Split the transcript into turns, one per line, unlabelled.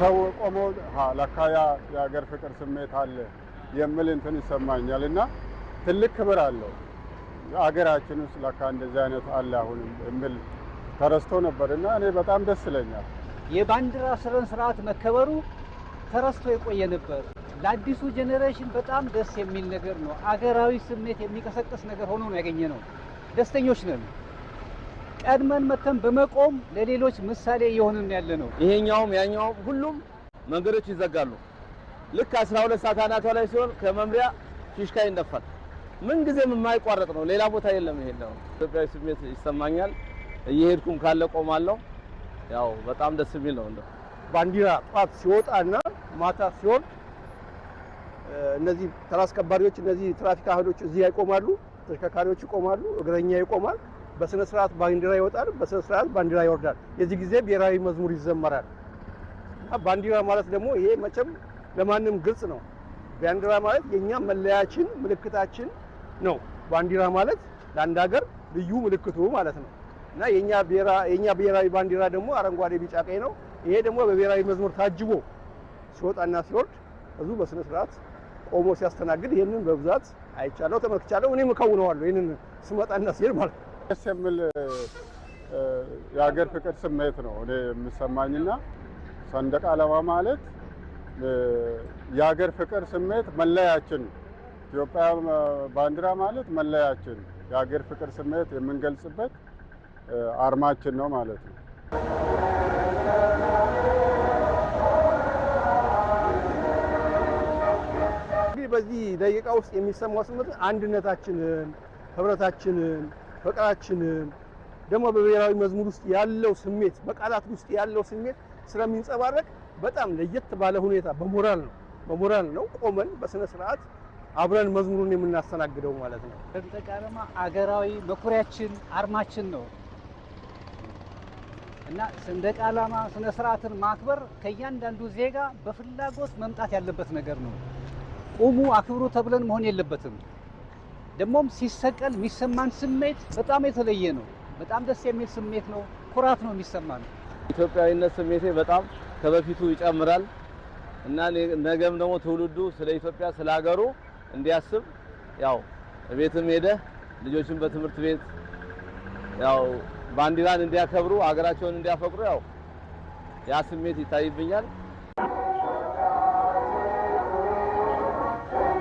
ሰው ቆሞ ለካ የሀገር ፍቅር ስሜት አለ የሚል እንትን ይሰማኛል እና ትልቅ ክብር አለው አገራችን ውስጥ ለካ እንደዚህ አይነት አለ አሁን የሚል ተረስቶ ነበር እና እኔ በጣም ደስ ይለኛል።
የባንዲራ ስረን ስርዓት መከበሩ ተረስቶ የቆየ ነበር። ለአዲሱ ጄኔሬሽን በጣም ደስ የሚል ነገር ነው። አገራዊ ስሜት የሚቀሰቅስ ነገር ሆኖ ነው ያገኘ ነው። ደስተኞች ነን። ቀድመን መተን በመቆም ለሌሎች ምሳሌ እየሆንን ያለ ነው።
ይሄኛውም ያኛውም ሁሉም መንገዶች ይዘጋሉ። ልክ 12 ሰዓት አናቷ ላይ ሲሆን ከመምሪያ ሽሽካ ይነፋል። ምንጊዜም የማይቋረጥ ነው። ሌላ ቦታ የለም። ይሄ ነው ኢትዮጵያዊ ስሜት ይሰማኛል። እየሄድኩም ካለ ቆማለሁ። ያው በጣም ደስ የሚል ነው። እንደው
ባንዲራ ጧት ሲወጣና ማታ ሲሆን እነዚህ ተራ አስከባሪዎች፣ እነዚህ ትራፊክ አህዶች እዚህ ያይቆማሉ፣ ተሽከርካሪዎች ይቆማሉ፣ እግረኛ ይቆማል። በስነ ስርዓት ባንዲራ ይወጣል፣ በስነ ስርዓት ባንዲራ ይወርዳል። የዚህ ጊዜ ብሔራዊ መዝሙር ይዘመራል። ባንዲራ ማለት ደግሞ ይሄ መቼም ለማንም ግልጽ ነው። ባንዲራ ማለት የእኛ መለያችን ምልክታችን ነው። ባንዲራ ማለት ለአንድ ሀገር ልዩ ምልክቱ ማለት ነው እና የእኛ ብሔራዊ ባንዲራ ደግሞ አረንጓዴ፣ ቢጫ፣ ቀይ ነው። ይሄ ደግሞ በብሔራዊ መዝሙር ታጅቦ ሲወጣና ሲወርድ ህዝቡ በስነ ስርዓት ቆሞ ሲያስተናግድ ይህንን በብዛት አይቻለሁ፣ ተመልክቻለሁ። እኔም እከውነዋለሁ ይህንን ስመጣና ሲሄድ ማለት ነው።
ደስ የሚል የሀገር ፍቅር ስሜት ነው እኔ የምሰማኝና ሰንደቅ ዓላማ ማለት የሀገር ፍቅር ስሜት መለያችን፣ ኢትዮጵያ ባንዲራ ማለት መለያችን የሀገር ፍቅር ስሜት የምንገልጽበት አርማችን ነው ማለት ነው።
እንግዲህ በዚህ ደቂቃ ውስጥ የሚሰማው ስሜት አንድነታችንን፣ ህብረታችንን በቃላችንም ደግሞ በብሔራዊ መዝሙር ውስጥ ያለው ስሜት በቃላት ውስጥ ያለው ስሜት ስለሚንጸባረቅ በጣም ለየት ባለ ሁኔታ በሞራል ነው በሞራል ነው ቆመን በስነ ስርዓት አብረን መዝሙሩን የምናስተናግደው ማለት ነው።
ሰንደቅ አገራዊ መኩሪያችን አርማችን ነው እና ሰንደቅ ዓላማ ስነ ስርዓትን ማክበር ከእያንዳንዱ ዜጋ በፍላጎት መምጣት ያለበት ነገር ነው። ቁሙ አክብሩ ተብለን መሆን የለበትም። ደግሞም ሲሰቀል የሚሰማን ስሜት በጣም የተለየ ነው። በጣም ደስ የሚል ስሜት ነው። ኩራት ነው የሚሰማን።
ኢትዮጵያዊነት ስሜቴ በጣም ከበፊቱ ይጨምራል እና ነገም ደግሞ ትውልዱ ስለ ኢትዮጵያ ስለ ሀገሩ እንዲያስብ ያው ቤትም ሄደህ ልጆችን በትምህርት ቤት ያው ባንዲራን እንዲያከብሩ ሀገራቸውን እንዲያፈቅሩ ያው ያ ስሜት ይታይብኛል።